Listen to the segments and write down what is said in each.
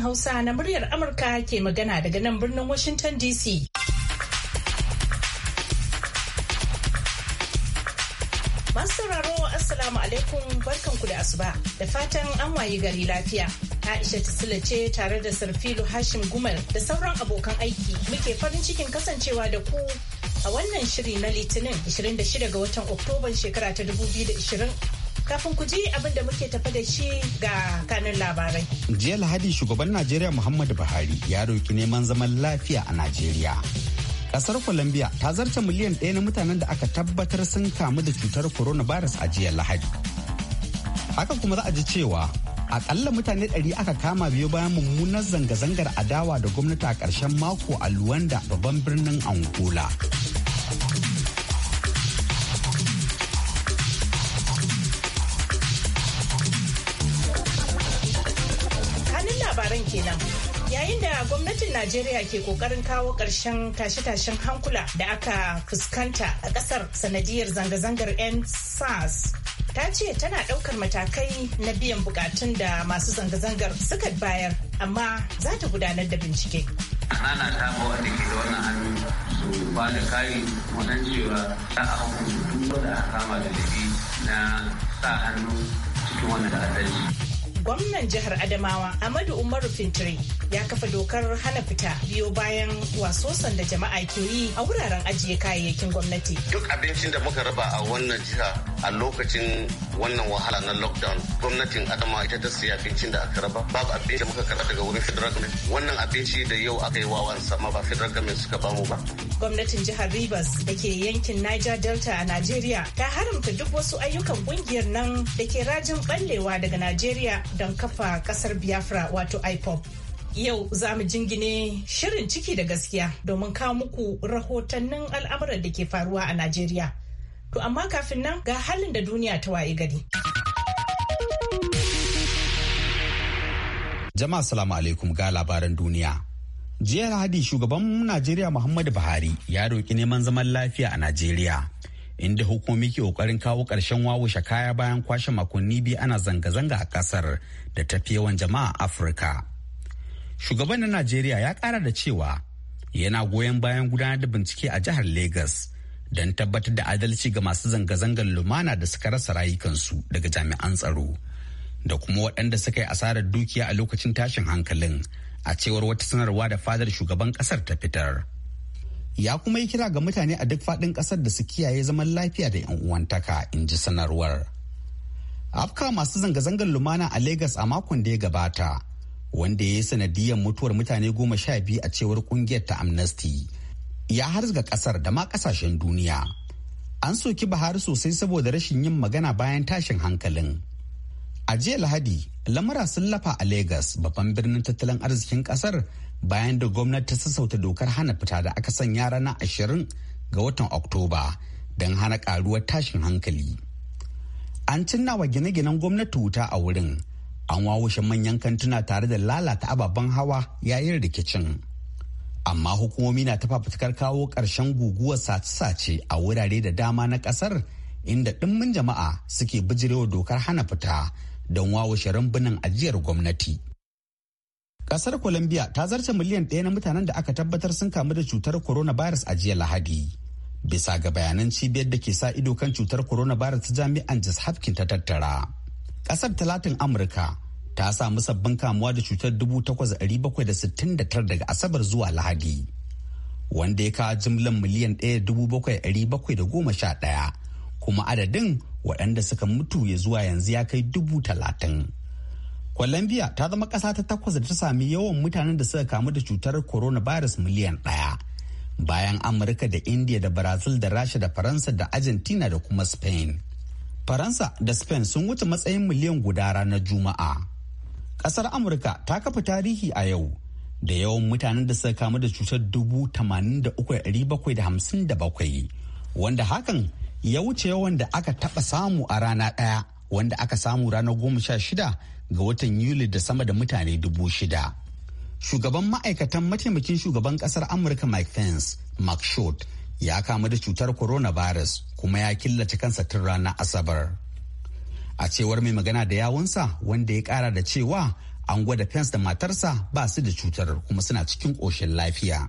Hausa na muryar Amurka ke magana daga nan birnin Washington DC. Masu sauraro Assalamu alaikum barkanku da asuba da fatan an wayi gari lafiya. Aisha Tisila ce tare da Sarfilu Hashim Gumal da sauran abokan aiki muke farin cikin kasancewa da ku a wannan shiri na Litinin 26 ga watan Oktoban shekara ta 2020 Kafin ku ji abin da muke tafi da shi ga kanun labarai. Jiya Lahadi shugaban Najeriya Muhammadu Buhari ya roki neman zaman lafiya a Najeriya. Kasar Colombia ta zarce miliyan ɗaya na mutanen da aka tabbatar sun kamu da cutar Corona coronavirus a jiya Lahadi. Haka kuma za a ji cewa akalla mutane ɗari aka kama biyu bayan mummunar zanga-zangar adawa da gwamnati a ƙarshen mako a Luanda babban birnin Angola. kenan. Yayin da gwamnatin Najeriya ke kokarin kawo ƙarshen tashe-tashen hankula da aka fuskanta a ƙasar sanadiyar zanga-zangar 'yan SARS. Ta ce tana ɗaukar matakai na biyan bukatun da masu zanga-zangar suka bayar, amma za ta gudanar da bincike. Ana tabo da ke da wannan hannu su ba da kayi wannan cewa ta a hukunci duk wanda aka kama da laifi na sa hannu cikin wani ta'addanci. gwamnan jihar adamawa amadu umaru fintiri ya kafa dokar hana fita biyo bayan wasosan da jama'a ke yi a wuraren ajiye kayayyakin gwamnati duk abincin da muka raba a wannan jiha a lokacin wannan wahala na lockdown gwamnatin Adamawa ita ta siya abincin da aka raba babu abinci da muka karba daga wurin federal government wannan abinci da yau aka yi wawan sama ba federal government suka bamu ba gwamnatin jihar rivers da ke yankin niger delta a najeriya ta haramta duk wasu ayyukan kungiyar nan da ke rajin ballewa daga najeriya don kafa kasar biafra wato ipop yau za mu jingine shirin ciki da gaskiya domin kawo muku rahotannin al'amuran da ke faruwa a najeriya to amma kafin nan ga halin da duniya ta waye gari jama'a salamu alaikum ga labaran duniya jiya lahadi shugaban najeriya muhammadu buhari ya roki neman zaman lafiya a najeriya inda hukumomi ke kokarin kawo ƙarshen wawushe kaya bayan kwashe makonni biyu ana zanga-zanga a kasar da tafi yawan jama'a afirka shugaban na najeriya ya kara da cewa yana goyon bayan gudanar da bincike a jihar lagos don tabbatar da adalci ga masu zanga-zangar lumana da suka rasa rayukansu daga jami'an tsaro da kuma waɗanda suka yi asarar dukiya a lokacin tashin hankalin a cewar wata sanarwa da fadar shugaban ƙasar ta fitar. ya kuma yi kira ga mutane a duk faɗin ƙasar da su kiyaye zaman lafiya da 'yan uwantaka in ji sanarwar afka masu zanga-zangar lumana a Legas a makon da ya gabata wanda ya yi sanadiyar mutuwar mutane goma sha biyu a cewar kungiyar ta amnesty ya harzga ƙasar da ma ƙasashen duniya an soki bahari sosai saboda rashin yin magana bayan tashin hankalin a jiya lahadi lamura sun lafa a Legas babban birnin tattalin arzikin ƙasar bayan da gwamnati ta sassauta dokar hana fita da aka sanya ranar ashirin ga watan oktoba don hana karuwar tashin hankali an cinna wa gine-ginen gwamnati wuta a wurin an wawushe manyan kantuna tare da lalata ababen hawa yayin rikicin amma hukumomi na ta kawo ƙarshen guguwar sace-sace a wurare da dama na ƙasar inda dimmin jama'a suke bijirewa dokar hana fita don wawashe rumbunan ajiyar gwamnati. Kasar Colombia ta zarce miliyan ɗaya na mutanen da aka tabbatar sun kamu da cutar coronavirus a jiya Lahadi. Bisa ga bayanan cibiyar da ke sa ido kan cutar coronavirus ta jami'an Jis hafkin ta tattara. Kasar Talatin Amurka ta samu sabbin kamuwa da cutar 8,769 daga Asabar zuwa Lahadi. Wanda ya kawo jimlan miliyan ɗaya kuma adadin waɗanda suka mutu ya zuwa yanzu ya kai dubu talatin. Colombia ta zama ƙasa ta takwas da ta sami yawan mutanen da suka kamu da cutar coronavirus miliyan ɗaya. Bayan Amurka da India da Brazil da Rasha da Faransa da Argentina da kuma Spain. Faransa da Spain sun wuce matsayin miliyan guda ranar Juma'a. Ƙasar Amurka ta kafa tarihi a yau da yawan mutanen da suka kamu da cutar dubu da bakwai da bakwai wanda hakan ya wuce yawan da aka taɓa samu a rana ɗaya wanda aka samu ranar goma sha shida ga watan Yuli da sama da mutane dubu shida. Shugaban ma'aikatan mataimakin shugaban kasar Amurka Mike Pence, Mark Short, ya kamu da cutar coronavirus kuma ya killace kansa tun ranar Asabar. A cewar mai magana da yawunsa wanda ya kara da cewa an gwada Pence da matarsa ba su da cutar kuma suna cikin ƙoshin lafiya.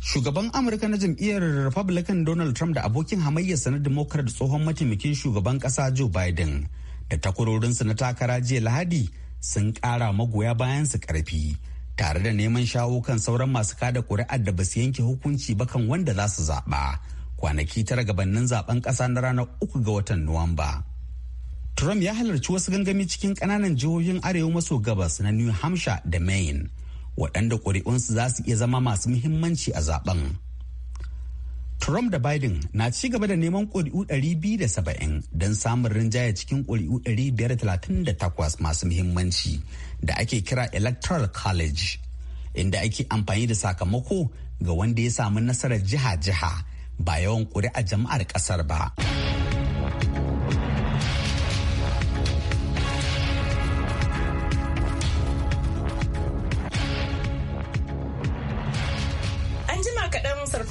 Shugaban Amurka na jam'iyyar Republican Donald Trump da abokin hamayyarsa na Democrat tsohon mataimakin shugaban ƙasa Joe Biden da takwarorinsu na takara jiya lahadi sun ƙara magoya bayan su karfi tare da neman shawo kan sauran masu kada kuri'ar da ba su yanke hukunci ba kan wanda za su zaɓa kwanaki tara gabanin zaben ƙasa na ranar uku ga watan nuwamba trump ya halarci wasu gangami cikin ƙananan jihohin arewa maso gabas na new hampshire da maine waɗanda ƙuri'unsu za su iya zama masu muhimmanci a zaben Trump da Biden na ci gaba da neman ƙuri'u 270 don samun rinjaye cikin ƙuri'u 538 masu muhimmanci da ake kira Electoral College, inda ake amfani da sakamako ga wanda ya samu nasarar jiha-jiha ba yawan ƙuri'a jama'ar ƙasar ba.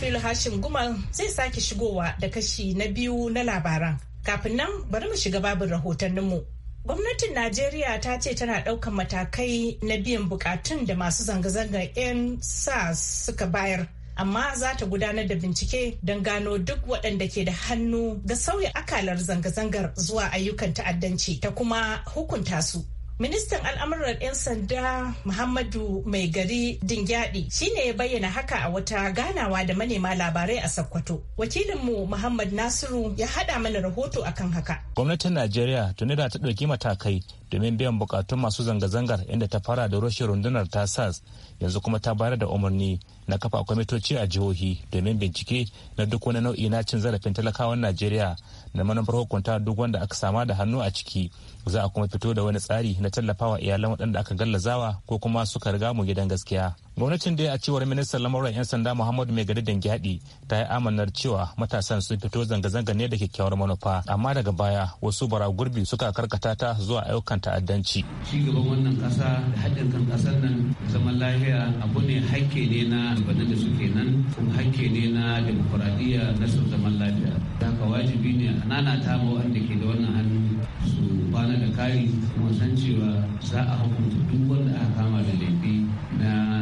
sarfil hashim gumal zai sake shigowa da kashi na biyu na labaran kafin nan bari mu shiga babin rahotanninmu gwamnatin najeriya ta ce tana ɗaukan matakai na biyan bukatun da masu zanga-zangar 'yan sa suka bayar amma za ta gudanar da bincike don gano duk waɗanda ke da hannu da sauya akalar zanga-zangar zuwa ayyukan ta'addanci ta kuma hukunta su Ministan al'amuran 'yan sanda Muhammadu Mai Gari Dingyadi ne ya bayyana haka a wata ganawa da manema labarai a Sokoto. Wakilinmu Muhammad Nasiru ya haɗa mana rahoto akan haka. Gwamnatin Najeriya tuni da ta ɗauki matakai domin biyan bukatun masu zanga-zangar inda ta fara da rushe rundunar ta sas yanzu kuma ta bayar da umarni na kafa kwamitoci a jihohi domin bincike na duk wani nau'i na cin zarafin talakawan najeriya da manufar hukunta duk wanda aka sama da hannu a ciki za a kuma fito da wani tsari na tallafawa iyalan waɗanda aka gallazawa ko kuma suka riga mu gidan gaskiya gwamnatin dai a cewar ministan lamuran 'yan sanda muhammad mai gari dangi ta yi amanar cewa matasan sun fito zanga-zanga ne da kyakkyawar manufa amma daga baya wasu bara gurbi suka karkata ta zuwa ayyukan ta'addanci ci gaban wannan kasa da haɗin kan kasar nan zaman lafiya abu ne hakke ne na albanin da suke nan kuma hakke ne na demokuraɗiyya na su zaman lafiya haka wajibi ne a ta ma wanda ke da wannan hannu su kwana da kari kuma san cewa za a hukunta duk wanda aka kama da laifi na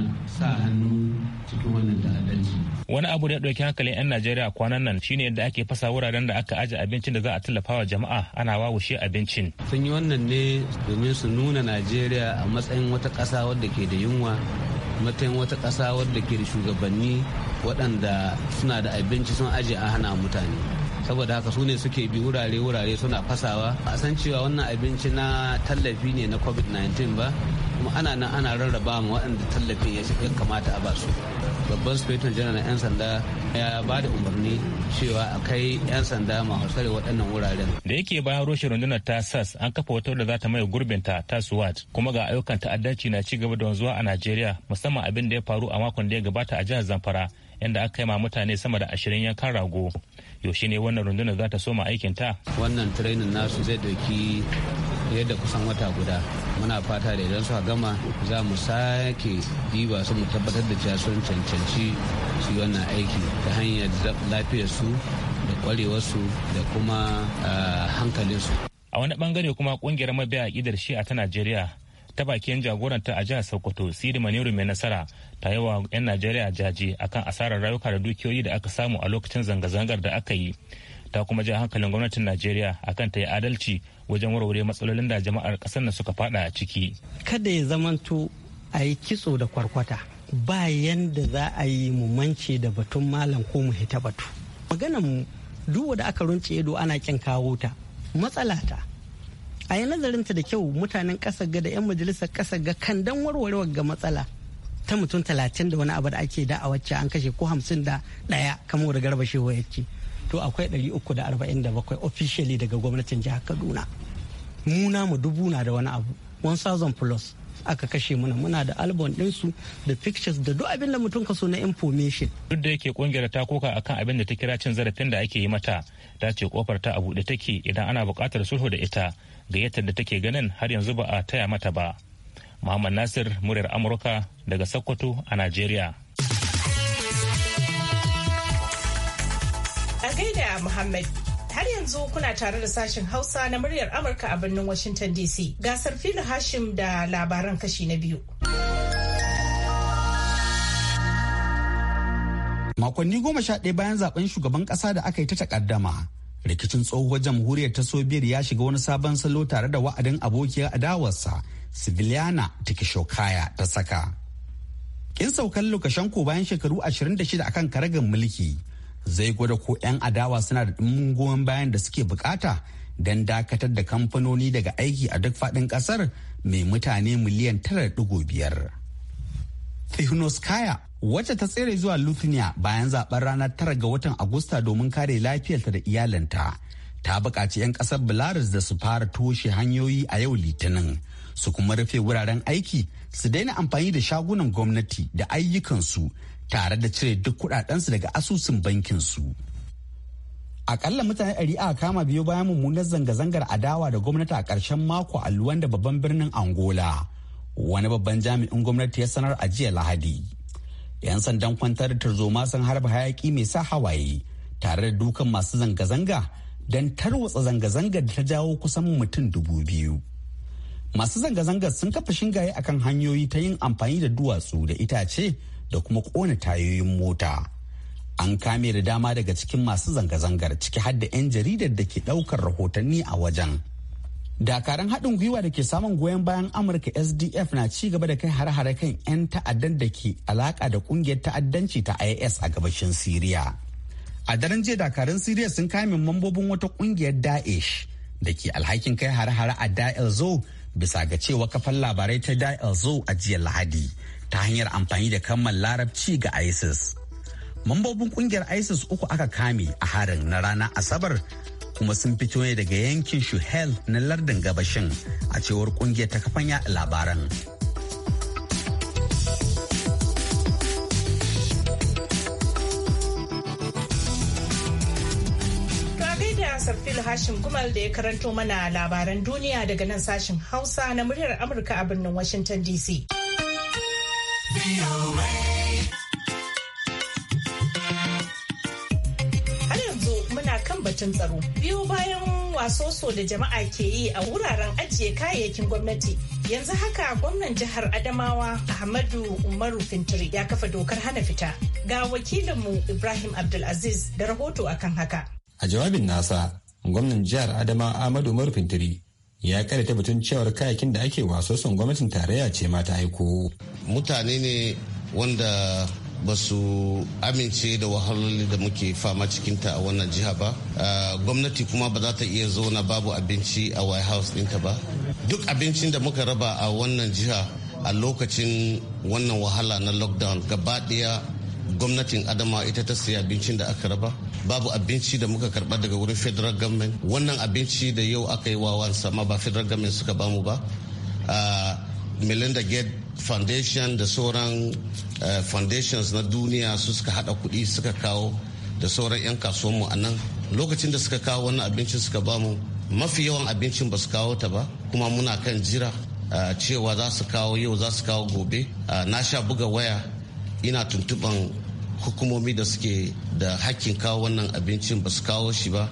sa hannu cikin wannan ta'addanci. Wani abu da ya ɗauki hankalin 'yan Najeriya kwanan nan shine yadda ake fasa wuraren da aka aje abincin da za a tallafa wa jama'a ana wawushe abincin. Sun yi wannan ne domin su nuna Najeriya a matsayin wata ƙasa wadda ke da yunwa matsayin wata ƙasa wadda ke da shugabanni waɗanda suna da abinci sun ajiye a hana mutane. saboda haka su ne suke bi wurare-wurare suna fasawa a san cewa wannan abinci na tallafi ne na covid-19 ba kuma ana nan ana rarraba ma waɗanda tallafin ya kamata a ba su babban sufetin janar 'yan sanda ya ba da umarni cewa a kai 'yan sanda masu tsare waɗannan wuraren. Da yake bayan roshin rundunar ta SAS an kafa wata da za ta maye gurbinta ta SWAT kuma ga ayyukan ta'addanci na ci gaba da wanzuwa a Najeriya musamman abin da ya faru a makon da ya gabata a jihar Zamfara inda aka yi ma mutane sama da ashirin yankan rago. yaushe ne wannan rundunar za ta soma aikin ta wannan trainin nasu zai dauki fiye da kusan wata guda muna fata da idan suka gama za mu sake diba su mu tabbatar da cewa sun cancanci su wannan aiki ta hanyar lafiyarsu da kwarewarsu da kuma hankalinsu a wani bangare kuma kungiyar mabiya idar shi a ta najeriya ta bakin jagoranta a jihar sokoto sidi maniru mai nasara ta yi wa 'yan najeriya jaje akan asarar rayuka da dukiyoyi da aka samu a lokacin zanga-zangar da aka yi ta kuma ja hankalin gwamnatin najeriya akan ta yi adalci wajen warware matsalolin da jama'ar kasar na suka fada a ciki kada ya zamanto a yi kitso da kwarkwata ba yanda za a yi mu mance da batun malam ko mu hita batu maganan mu duk wanda aka runce ido ana kin kawo ta matsala ta a yi nazarinta da kyau mutanen kasar ga da 'yan majalisar kasar ga kan dan warwarewa ga matsala ta mutum talatin da wani abu da ake da a wacce an kashe ko hamsin da ɗaya kamar da garba shehu ya ce to akwai ɗari uku da arba'in da bakwai officially daga gwamnatin jihar kaduna mu dubu na da wani abu 1000 plus aka kashe muna muna da album ɗinsu da pictures da duk abin da mutum so na information. Duk da yake kungiyar ta koka akan abin da ta kira cin zarafin da ake yi mata ta ce kofar ta a buɗe take idan ana buƙatar sulhu da ita ga yadda da take ganin har yanzu ba a taya mata ba. Muhammad Nasir muryar Amurka daga Sokoto a Najeriya. A gaida Muhammad har yanzu kuna tare da sashen Hausa na muryar Amurka a birnin Washington DC. Gasar fili Hashim da labaran kashi na biyu. Makonni goma sha ɗaya bayan zaben shugaban ƙasa da aka yi ta takaddama. rikicin tsohuwar jamhuriyar ta sobiyar ya shiga wani sabon salo tare da wa'adin abokiyar adawarsa siviliana tikishokaya ta saka kin saukan lukashenko bayan shekaru 26 akan karagar mulki zai gwada ko 'yan adawa suna da dimmin goyon bayan da suke bukata don dakatar da kamfanoni daga aiki a duk faɗin ƙasar mai mutane miliyan 9.5 Kaya. wacce ta tsere zuwa Lithuania bayan zaben ranar tara ga watan Agusta domin kare lafiyarta da iyalanta Ta buƙaci 'yan ƙasar Belarus da su fara toshe hanyoyi a yau Litinin, su kuma rufe wuraren aiki, su daina amfani da shagunan gwamnati da ayyukansu tare da cire duk kuɗaɗensu daga asusun bankinsu. Akalla mutane ɗari a kama biyu bayan mummunar zanga-zangar adawa da gwamnati a ƙarshen mako a Luwanda babban birnin Angola. Wani babban jami'in gwamnati ya sanar a jiya Lahadi. 'yan sandan kwantar tarzoma sun harba hayaki mai sa hawaye tare da dukan masu zanga-zanga don tarwatsa zanga-zangar da ta jawo kusan mutum dubu biyu masu zanga-zangar sun kafa shingaye akan hanyoyi ta yin amfani da duwatsu da itace da kuma kona tayoyin mota an kame da dama daga cikin masu zanga-zangar ciki har da 'yan jaridar da ke ɗaukar rahotanni a wajen dakaran haɗin gwiwa da ke samun goyon bayan amurka sdf na ci gaba da kai har-hare kan 'yan ta'addan da ke alaƙa da ƙungiyar ta'addanci ta is a gabashin siriya a daren jiya dakarun siriya sun kame mambobin wata ƙungiyar daesh da ke alhakin kai har-hare a da'el zo bisa ga cewa kafar labarai ta da'el zo a jiya lahadi ta hanyar amfani da kammal larabci ga isis mambobin ƙungiyar isis uku aka kame a harin na ranar asabar kuma sun fito ne daga yankin shuhel na lardin gabashin a cewar kungiyar ta kafan yaɗa labaran Sarfil Hashim Gumal da ya karanto mana labaran duniya daga nan sashen Hausa na muryar Amurka a birnin Washington DC. lokacin tsaro biyu bayan wasoso da jama'a ke yi a wuraren ajiye kayayyakin gwamnati yanzu haka gwamnan jihar adamawa ahmadu umaru fintiri ya kafa dokar hana fita ga wakilinmu ibrahim abdulaziz da rahoto akan haka a jawabin nasa gwamnan jihar Adamawa ahmadu umaru fintiri ya karyata batun cewar kayayyakin da ake wasoson gwamnatin tarayya ce ma ta aiko mutane ne wanda ba su amince da wahaloli da muke fama cikinta a wannan jiha ba gwamnati kuma ba za ta iya zauna babu abinci a white house dinta ba duk abincin da muka raba a wannan jiha a lokacin wannan wahala na lockdown gaba daya gwamnatin adama ita ta sayi abincin da aka raba babu abinci da muka karba daga wurin federal government wannan abinci da yau aka yi wawan sama ba federal government suka bamu ba melinda gate foundation da sauran Eh, foundations na duniya su suka hada kuɗi suka kawo da sauran 'yan kasuwanmu a nan lokacin da suka kawo wannan abincin suka ba mu mafi yawan abincin ba su kawo ta ba kuma muna kan jira eh, cewa za su kawo yau za su kawo gobe eh, na sha buga waya ina tuntuban hukumomi da suke da hakkin kawo wannan abincin ba su kawo shi ba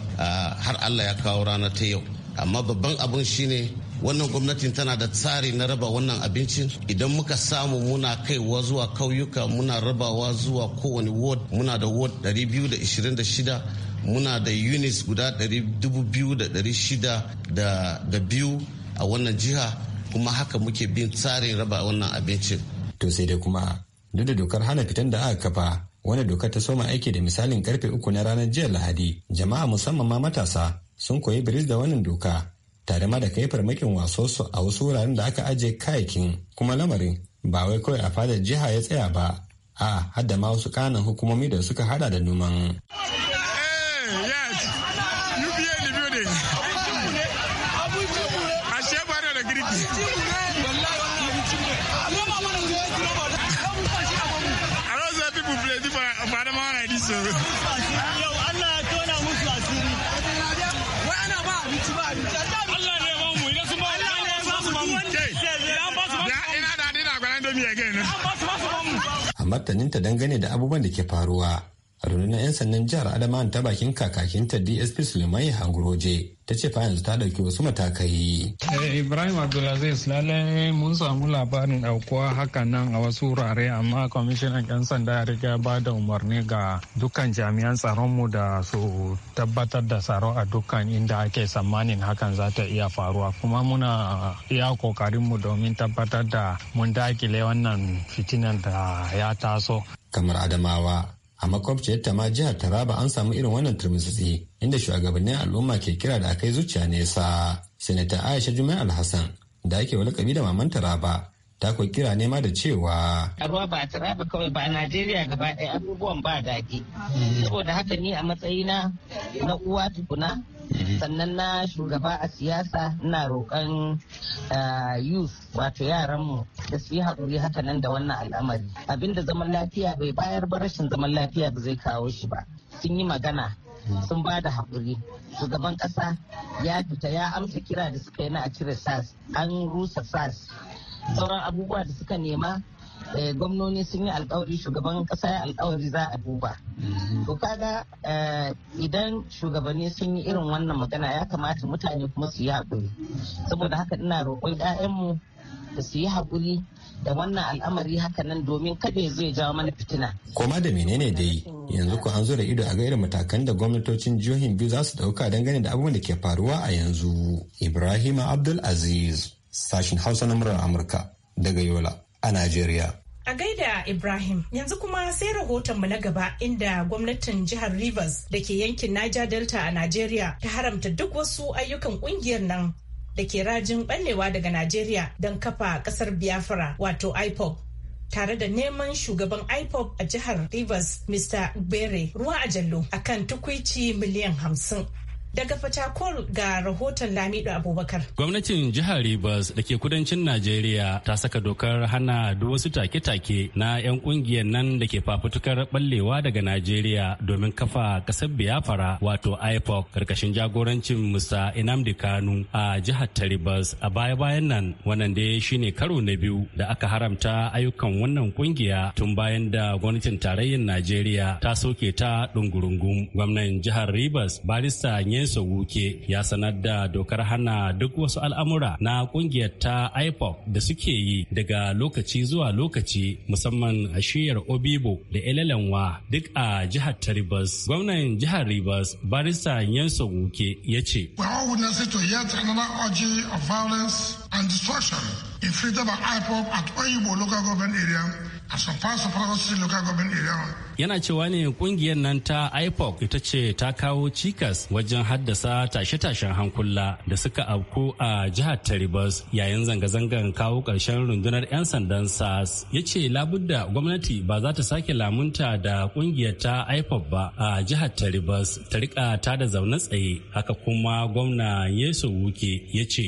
har allah ya kawo rana ta yau amma babban abin shine wannan gwamnatin tana da tsari na raba wannan abincin idan muka samu muna kaiwa zuwa kauyuka muna rabawa zuwa kowane ward muna da ward 226 muna da units guda 2,602 a wannan jiha kuma haka muke bin tsarin raba wannan abincin. To sai dai kuma duk da dokar hana fitan da aka kafa wanda dokar ta soma aiki da misalin karfe uku na ranar jiya lahadi jama'a musamman ma matasa sun koyi biris da wannan doka tare ma da kai farmakin wasansu a wasu wuraren da aka ajiye kayakin kuma lamarin ba wai kawai a fadar jiha ya tsaya ba a hadda ma wasu kanan hukumomi da suka hada da numan. Thank you. a martaninta dangane da abubuwan da ke faruwa a rundunar 'yan sannan jihar adama ta bakin kakakinta dsp suleiman hangroje ta ce fa yanzu ta dauki wasu matakai eh, ibrahim abdulaziz lalle mun samu labarin aukuwa haka nan a wasu wurare amma kwamishinan 'yan sanda ya riga ba da umarni ga dukkan jami'an tsaronmu da su tabbatar da tsaro a dukkan inda ake tsammanin hakan za ta iya faruwa kuma muna iya kokarinmu domin tabbatar da mun dakile wannan fitinan da ya taso kamar adamawa a makwabciyar ta ma jihar taraba an samu irin wannan turmutsutsi inda shugabannin al'umma ke kira da akai zuciya nesa sanata aisha jumai alhassan da ake wani kabi da maman taraba ta kuwa kira nema da cewa. Ruwa ba a ba kawai ba Najeriya gaba ɗaya abubuwan ba daɗi. Hmm. Saboda haka ni a matsayina na uwa tukuna Mm-hmm. sannan na shugaba a siyasa ina roƙon ah, youth wato yaranmu da su yi haƙuri haka nan da wannan al'amari abinda zaman lafiya bai bayar ba rashin zaman lafiya ba zai kawo shi ba sun yi magana mm-hmm. sun ba da haƙuri shugaban ƙasa ya fita ya amsa kira da suka yi na a cire sas an rusa sas sauran abubuwa da suka nema Eh, gwamnoni sun yi alkawari shugaban kasa ya alkawari za a duba mm-hmm. to kaga eh, idan shugabanni sun yi irin wannan magana ya kamata mutane kuma su yi haƙuri saboda haka ina roƙon 'ya'yanmu da su yi haƙuri da wannan al'amari haka nan domin kada ya zai jawo mana fitina. Koma da menene dai yanzu ko an zo da ido a ga irin matakan da gwamnatocin jihohin biyu za su dauka dangane da abubuwan da ke faruwa a yanzu. Ibrahim Abdul Aziz, sashin Hausa na murar Amurka daga Yola a Najeriya. A gaida Ibrahim, yanzu kuma sai rahotonmu na gaba inda gwamnatin jihar Rivers da ke yankin Niger Delta a Najeriya ta haramta duk wasu ayyukan kungiyar nan da ke rajin ɓallewa daga Najeriya don kafa ƙasar Biafra wato IPOP. tare da neman shugaban IPOP a jihar Rivers Mr. Gbere ruwa a jallo akan tukwici miliyan hamsin. Daga Fatakol ga rahoton Lamido Abubakar. Gwamnatin jihar Rivers da ke kudancin Najeriya ta saka dokar hana duk wasu take-take na 'yan kungiyar nan da ke fafutukar ballewa daga Najeriya domin kafa kasar Biafra wato IPOC karkashin jagorancin Musa Inamdi Kanu a jihar ta Rivers a baya-bayan nan wannan da shine karo na biyu da aka haramta ayyukan wannan kungiya tun bayan da gwamnatin tarayyar Najeriya ta soke ta dungurungun. gwamnan jihar Rivers barista Nyeso Wuke ya sanar da dokar hana duk wasu al'amura na kungiyar ta ipop da suke yi daga lokaci zuwa lokaci musamman a shiyar Obibo da Elelenwa duk a jihar ta ribas Gwamnan jihar Rivers Barista yansu Wuke ya ce. Inflated yet another by IPOP at Oyibo local government area and some parts of city local government area yana cewa ne kungiyar nan ta ipoc ita ce ta kawo cikas wajen haddasa tashe-tashen hankula da suka afko a jihar taribas yayin zanga-zangar kawo ƙarshen rundunar 'yan sandan sas ya ce labudda gwamnati ba za ta sake lamunta da kungiyar ta ipoc ba a jihar taribas ta rika ta da zaune tsaye haka kuma gwamna Yesu wuke ya ce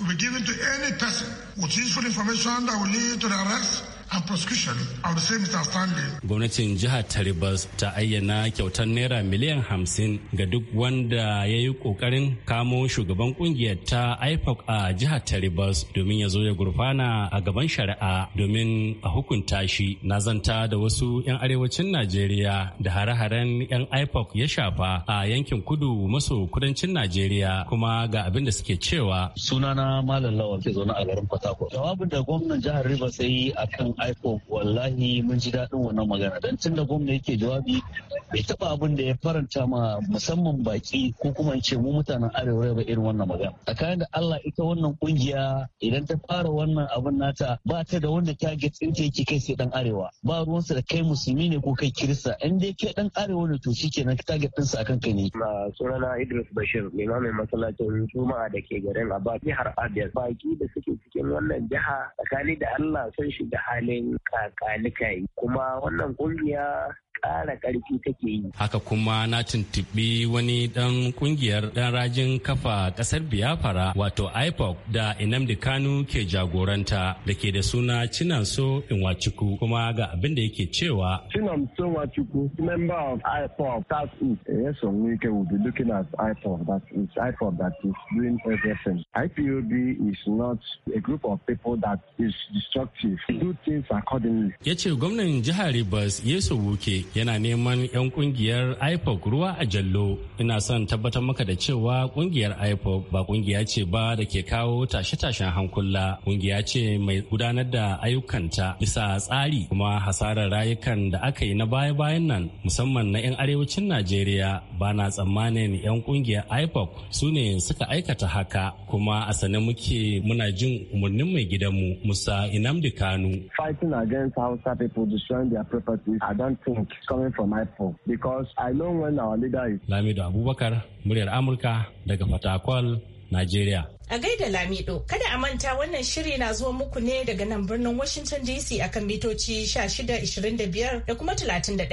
will be given to any person with useful information that will lead to the arrest and prosecution of the same misunderstanding. Gwamnatin jihar Taribas ta ayyana kyautar naira miliyan hamsin ga duk wanda ya yi kokarin kamo shugaban kungiyar ta IPOC a jihar Taribas domin ya zo ya gurfana a gaban shari'a domin a hukunta shi na zanta da wasu 'yan arewacin Najeriya da hare-haren 'yan IPOC ya shafa a yankin kudu maso kudancin Najeriya kuma ga abin da suke cewa. Sunana Malam Lawal ke zaune a garin Port Jawabin da gwamnan jihar Rivers ya yi akan aiko wallahi mun ji daɗin wannan magana don tun da gwamna yake jawabi bai taɓa abin da ya faranta ma musamman baki ko kuma in ce mu mutanen arewa ba irin wannan magana A tsakanin da Allah ita wannan kungiya idan ta fara wannan abin nata ba ta da wanda target ɗin ta yake kai sai dan arewa ba ruwansa da kai musulmi ne ko kai kirista in dai kai dan arewa ne to shikenan target ɗinsa kan kai ne. suna sunana Idris Bashir limamin masallacin Juma'a da ke garin Abba jihar Abia baki da suke cikin wannan jiha tsakani da Allah sun shiga hali halin kuma wannan kungiya kara karfi take yi. Haka kuma na tuntuɓi wani ɗan ƙungiyar ɗan rajin kafa ƙasar Biafra wato IPOC da Inamdi Kanu ke jagoranta da ke da suna Cinanso Inwachuku kuma ga abin da yake cewa. Cinanso Inwachuku, member of IPOC, is a Yes, on we can be looking at IPOC, that is IPOC that is doing everything. IPOB is not a group of people that is destructive. Do things accordingly. Ya ce gwamnan jihar Rivers Yesu Wuke yana neman 'yan kungiyar ipoc ruwa a jallo ina son tabbatar maka da cewa kungiyar ipoc ba kungiya ce ba da ke kawo tashe-tashen hankula kungiya ce mai gudanar da ayyukanta bisa tsari kuma hasarar rayukan da aka yi na baya-bayan nan musamman na 'yan arewacin najeriya ba na tsammanin 'yan kungiyar ipoc su ne suka aikata haka kuma a sane muke muna jin umarnin mai gidanmu musa inamdi kanu fighting against hausa people destroying their properties i don't think coming from IPOB because I know when our leader is. Lamido Abubakar, muryar Amurka daga Fatakwal, Najeriya. A gaida Lamido, kada a manta wannan shiri na zuwa muku ne daga nan birnin Washington DC akan mitoci 1625 da kuma 31.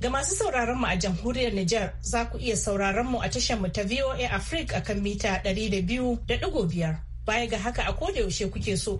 Ga masu sauraron mu a jamhuriyar Nijar za ku iya sauraron mu a tashar mu ta VOA Africa akan mita 200.5. Baya ga haka a koda yaushe kuke so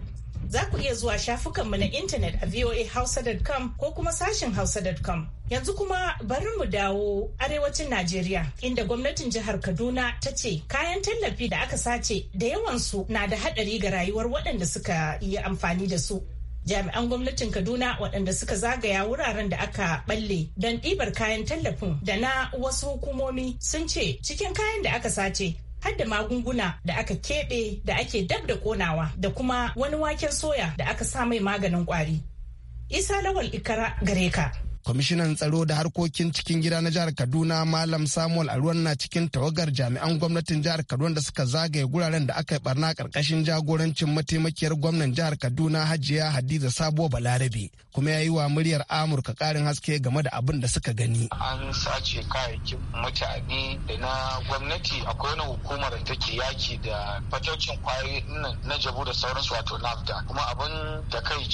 za ku iya zuwa shafukanmu na intanet a voahausa.com ko kuma sashin hausa.com. Yanzu kuma bari mu dawo arewacin Najeriya inda gwamnatin jihar Kaduna ta ce kayan tallafi da aka sace da yawansu na da haɗari ga rayuwar waɗanda suka yi amfani da su. jami'an gwamnatin kaduna waɗanda suka zagaya wuraren da aka balle don ɗibar kayan tallafin da na wasu hukumomi sun ce cikin kayan da aka sace har da magunguna da aka keɓe da ake dab da ƙonawa da kuma wani waken soya da aka sa mai maganin kwari. Isa Lawal Ikara gare ka. kwamishinan tsaro da harkokin cikin gida na jihar kaduna malam samuel aruwan na cikin tawagar jami'an gwamnatin jihar kaduna da suka zagaye guraren da aka yi barna karkashin jagorancin mataimakiyar gwamnan jihar kaduna hajiya hadiza sabuwa balarabe kuma ya yi wa muryar amurka karin haske game da abin da suka gani an sace kayayyakin mutane da na gwamnati akwai wani hukumar da take yaki da fatocin kwayoyi na jabu da sauransu wato nafda kuma abin da kai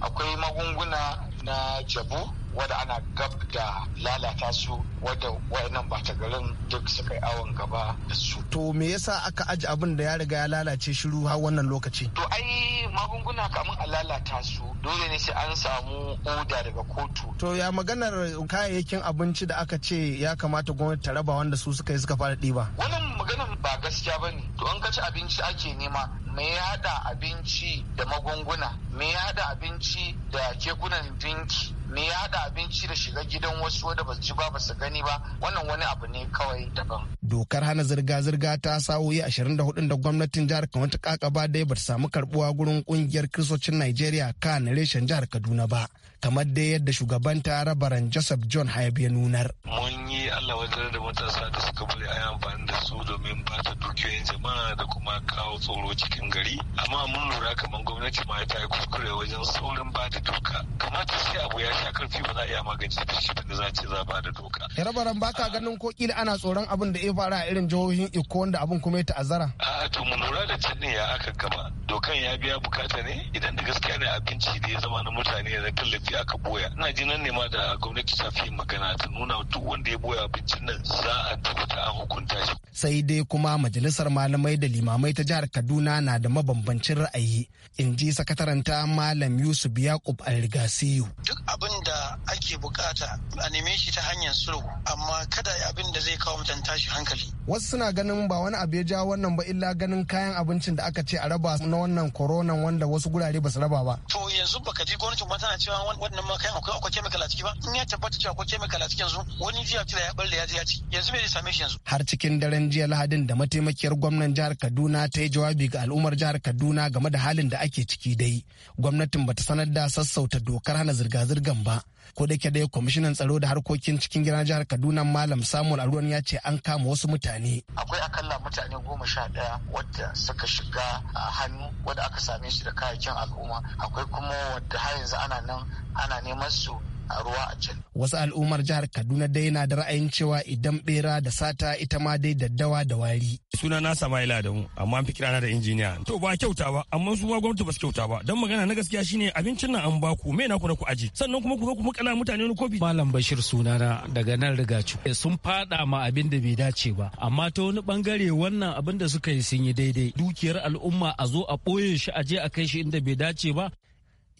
akwai magunguna na jabu wadda ana gab da lalata su wadda wayannan bata garin duk suka yi awon gaba da su. To me yasa aka aji abin da ya riga ya lalace shiru har wannan lokaci? To ai magunguna kamun a lalata su dole ne sai an samu oda daga kotu. To ya maganar kayayyakin abinci da aka ce ya kamata gwamnati ta raba wanda su suka yi suka fara ɗiba. Wannan maganar ba gaskiya ba ne. To an kaci abinci ake nema me ya haɗa abinci da magunguna me ya haɗa abinci da kekunan dinki me ya haɗa abinci da shiga gidan wasu da ba ji ba basu su gani ba wannan wani abu ne kawai daban. Dokar hana zirga-zirga ta sa'o'i 24 da gwamnatin jihar Kano ta kakaba dai ba ta samu karbuwa gurin kungiyar kiristocin Najeriya kan reshen jihar Kaduna ba. kamar dai yadda shugaban ta rabaran joseph john hayab ya nunar. mun yi allah wajen da matasa da suka bari a amfani da su domin ba ta dukiyoyin jama'a da kuma kawo tsoro cikin gari amma mun lura kamar gwamnati ma ta yi kuskure wajen saurin ba da duka kamata sai abu ya sha karfi ba za a iya magance shi da za ce za ba da doka. Rabaran baka ganin ko kila ana tsoron abin da ya fara a irin jihohin Iko wanda abin kuma ya ta'azzara. A to mu lura da can ne ya aka gama dokan ya biya bukata ne idan da gaskiya ne abinci da ya zama na mutane da tallafi aka boya. Ina ji nan ne ma da gwamnati ta fi magana ta nuna duk wanda ya boya abincin nan za a tabbata an hukunta shi. Sai dai kuma majalisar malamai da limamai ta jihar Kaduna na da mabambancin ra'ayi in ji sakataranta malam Yusuf Yakub Alrigasiyu. Duk abin da ake bukata a neme shi ta hanyar sulhu amma kada abin da zai kawo mutan tashi hankali wasu suna ganin ba wani abu ya ja wannan ba illa ganin kayan abincin da aka ce a raba na wannan koronan wanda wasu gurare ba su raba ba. to yanzu baka ji gwamnati ba tana cewa wannan ma kayan akwai akwai chemical a ciki ba in ya tabbata cewa akwai chemical a cikin su wani jiya tira ya balle ya ji ya ci yanzu me zai same shi yanzu. har cikin daren jiya lahadin da mataimakiyar gwamnan jihar kaduna ta yi jawabi ga al'ummar jihar kaduna game da halin da ake ciki dai gwamnatin bata sanar da sassauta dokar hana zirga-zirgan ba. ko da ke dai kwamishinan tsaro da harkokin cikin gidan jihar kaduna malam samuel aruwan ya ce an kama wasu mutane akwai akalla mutane goma sha ɗaya wadda suka shiga a hannu wadda aka same su da kayayyakin al'umma akwai kuma wadda har yanzu ana nan ana neman su a ruwa a can. Wasu al'ummar jihar Kaduna dai na da ra'ayin cewa idan bera da sata ita ma dai daddawa da wari. Suna na Samaila Adamu amma an fi kirana da injiniya. To ba kyauta ba amma su ma gwamnati ba su kyauta ba don magana na gaskiya shine abincin nan an ba ku me na ku na ku aji sannan kuma ku zo ku makala mutane wani kofi. Malam Bashir suna na daga nan riga cu. Eh, sun fada ma abin da bai dace ba amma ta wani bangare wannan abin da suka yi sun yi daidai dukiyar al'umma a zo a ɓoye shi a je a kai shi inda bai dace ba.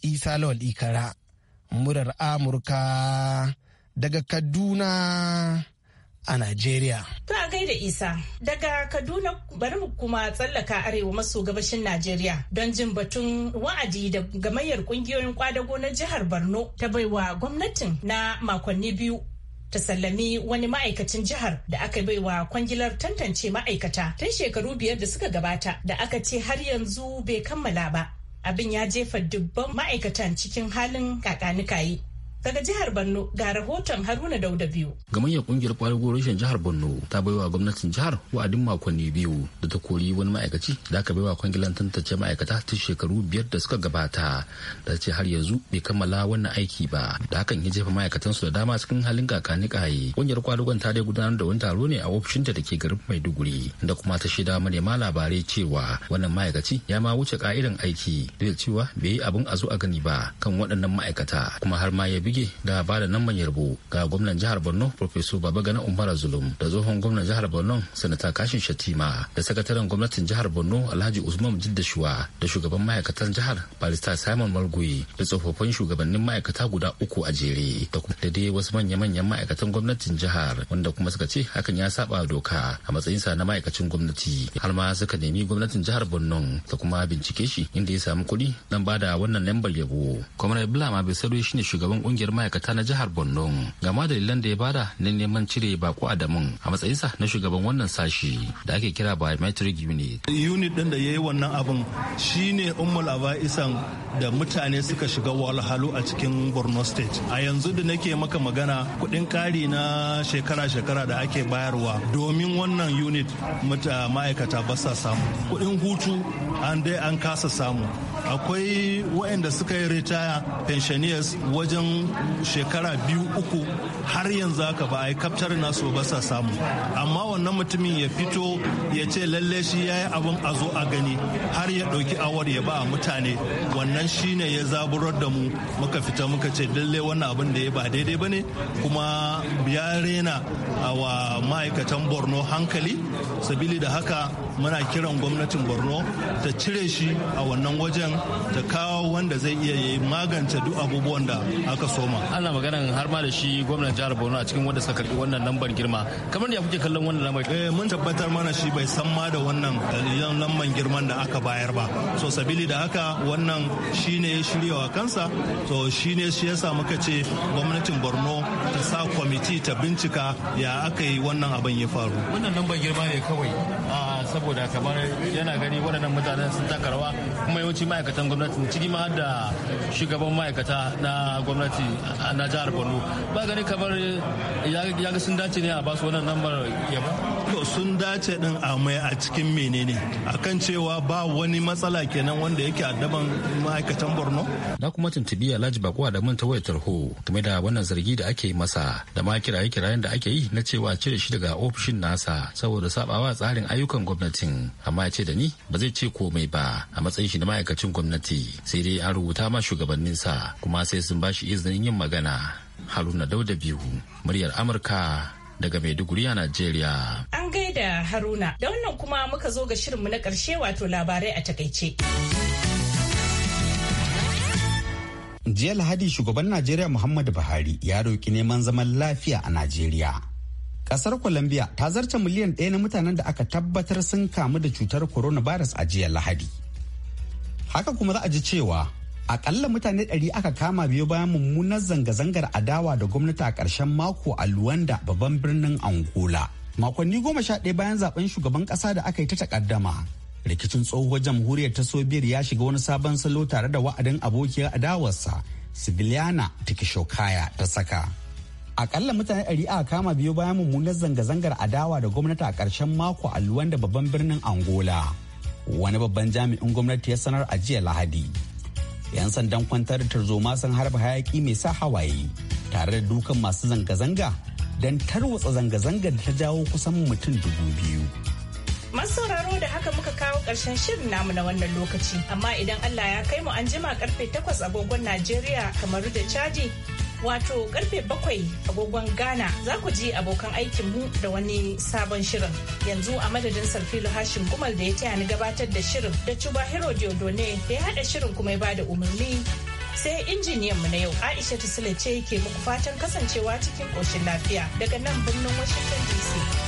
Isa Lawal Ikara murar Amurka daga Kaduna a Najeriya. Ta gaida Isa daga Kaduna bari mu kuma tsallaka arewa maso gabashin Najeriya don jin batun wa'adi da gamayyar kungiyoyin kwadago na jihar Borno ta baiwa gwamnatin na makonni biyu ta sallami wani ma'aikacin jihar da aka baiwa kwangilar tantance ma'aikata tun shekaru biyar da suka gabata da aka ce har yanzu bai kammala ba. abin ya jefa dubban ma'aikatan cikin halin kakanikayi Daga jihar Borno ga rahoton Haruna Dauda biyu. Gamayyar kungiyar kwadago reshen jihar Borno ta baiwa gwamnatin jihar wa'adin makonni biyu da ta kori wani ma'aikaci da aka baiwa kwangilan tantance ma'aikata ta shekaru biyar da suka gabata da ce har yanzu bai kammala wannan aiki ba da hakan ya jefa ma'aikatansu da dama cikin halin kakani kaye. Kungiyar kwadagon ta dai gudanar da wani taro ne a ofishinta da ke garin Maiduguri da kuma ta shaida manema labarai cewa wannan ma'aikaci ya ma wuce ka'idan aiki da cewa bai yi abin a zo a gani ba kan waɗannan ma'aikata kuma har ma ya bi fage da ba da namban yarbo ga gwamnan jihar borno professor gana umar zulum da tsohon gwamnan jihar borno sanata kashin shatima da sakataren gwamnatin jihar borno alhaji usman jiddashuwa da shugaban ma'aikatan jihar barista simon Malgui da tsofaffin shugabannin ma'aikata guda uku a jere da kuma dai wasu manya-manyan ma'aikatan gwamnatin jihar wanda kuma suka ce hakan ya saba doka a matsayinsa na ma'aikacin gwamnati har ma suka nemi gwamnatin jihar borno ta kuma bincike shi inda ya samu kuɗi don ba da wannan lambar yabo kwamar ibrahim shi ne shugaban kungiyar ma'aikata na jihar Borno game dalilan da ya bada na neman cire bako Adamun a matsayinsa na shugaban wannan sashi da ake kira biometric unit. Unit din da ya yi wannan abin shine Ummul Aba'isan da mutane suka shiga walhalu a cikin Borno state. A yanzu da nake maka magana kuɗin kari na shekara-shekara da ake bayarwa domin wannan unit mata ma'aikata ba sa samu. Kuɗin hutu an dai an kasa samu. akwai waɗanda suka yi ritaya pensioners wajen shekara biyu uku har yanzu haka ba a yi kaftar nasu ba sa samu amma wannan mutumin ya fito ya ce lalle shi ya yi abin a zo a gani har ya ɗauki awar ya ba mutane wannan shine ya zaburar da mu muka fita muka ce lalle wannan abin da ya ba daidai ba ne kuma ya rena wa ma'aikatan borno hankali sabili da haka muna kiran gwamnatin borno ta cire shi a wannan wajen ta kawo wanda zai iya yi magance duk abubuwan da aka soma ana maganan har ma da shi gwamnan jihar borno a cikin wanda suka karbi wannan lambar girma kamar da kuke kallon wannan lambar eh mun tabbatar mana shi bai san ma da wannan eh, lambar girman da aka bayar ba so sabili da haka wannan shine shiryawa kansa to shine shi yasa muka ce gwamnatin borno ta sa kwamiti ta bincika ya aka yi wannan abin ya faru wannan lambar girma ne kawai ah, saboda kamar yana gani waɗannan mutanen sun taka rawa kuma yawanci ma'aikatan gwamnati ciki ma da shugaban ma'aikata na gwamnati na jihar borno ba gani kamar ya ga sun dace ne a basu wannan lambar yaba to sun dace din a mai a cikin menene akan cewa ba wani matsala kenan wanda yake addaban ma'aikatan borno na kuma tuntubi alhaji bakuwa da mun ta tarho game da wannan zargi da ake masa da ma kiraye-kirayen da ake yi na cewa cire shi daga ofishin nasa saboda sabawa tsarin ayyukan gwamnati gwamnatin amma ya ce da ni ba zai ce komai ba a matsayin shi na ma'aikacin gwamnati sai dai an rubuta ma shugabannin sa kuma sai sun ba shi izinin yin magana haruna dauda biyu muryar amurka daga Maiduguri a nigeria. An gaida Haruna, da wannan kuma muka zo ga shirinmu na karshe wato labarai a takaice. Jiya Lahadi shugaban Najeriya Muhammadu Buhari ya roki neman zaman lafiya a Najeriya. kasar colombia ta zarce miliyan ɗaya na mutanen da aka tabbatar sun kamu da cutar coronavirus a jiya lahadi haka kuma za a ji cewa akalla mutane ɗari aka kama biyu bayan mummunar zanga-zangar adawa da gwamnati a ƙarshen mako a luwanda babban birnin angola makonni goma sha ɗaya bayan zaben shugaban ƙasa da aka yi ta takaddama rikicin tsohuwar jamhuriyar ta sobiyar ya shiga wani sabon salo tare da wa'adin abokiyar adawarsa sibiliana tikishokaya ta saka akalla mutane ɗari a kama biyu bayan mummunar zanga-zangar adawa da gwamnati a ƙarshen mako a da babban birnin angola wani babban jami'in gwamnati ya sanar a jiya lahadi yan sandan kwantar da tarzoma sun harba hayaki mai sa hawaye tare da dukan masu zanga-zanga don tarwatsa zanga-zangar da ta jawo kusan mutum dubu biyu sauraro da haka muka kawo ƙarshen shirin namu na wannan lokaci amma idan allah ya kai mu an jima karfe 8 agogon najeriya kamar da caji wato karfe bakwai agogon ghana za ku ji abokan aikinmu da wani sabon shirin yanzu a madadin sarfilu hashin gumal da ya taya ni gabatar da shirin da cuba hero diodone da ya haɗa shirin kuma ya bada umarni sai injiniyan mu na yau aisha tusile ce ke muku fatan kasancewa cikin ƙoshin lafiya daga nan birnin washington dc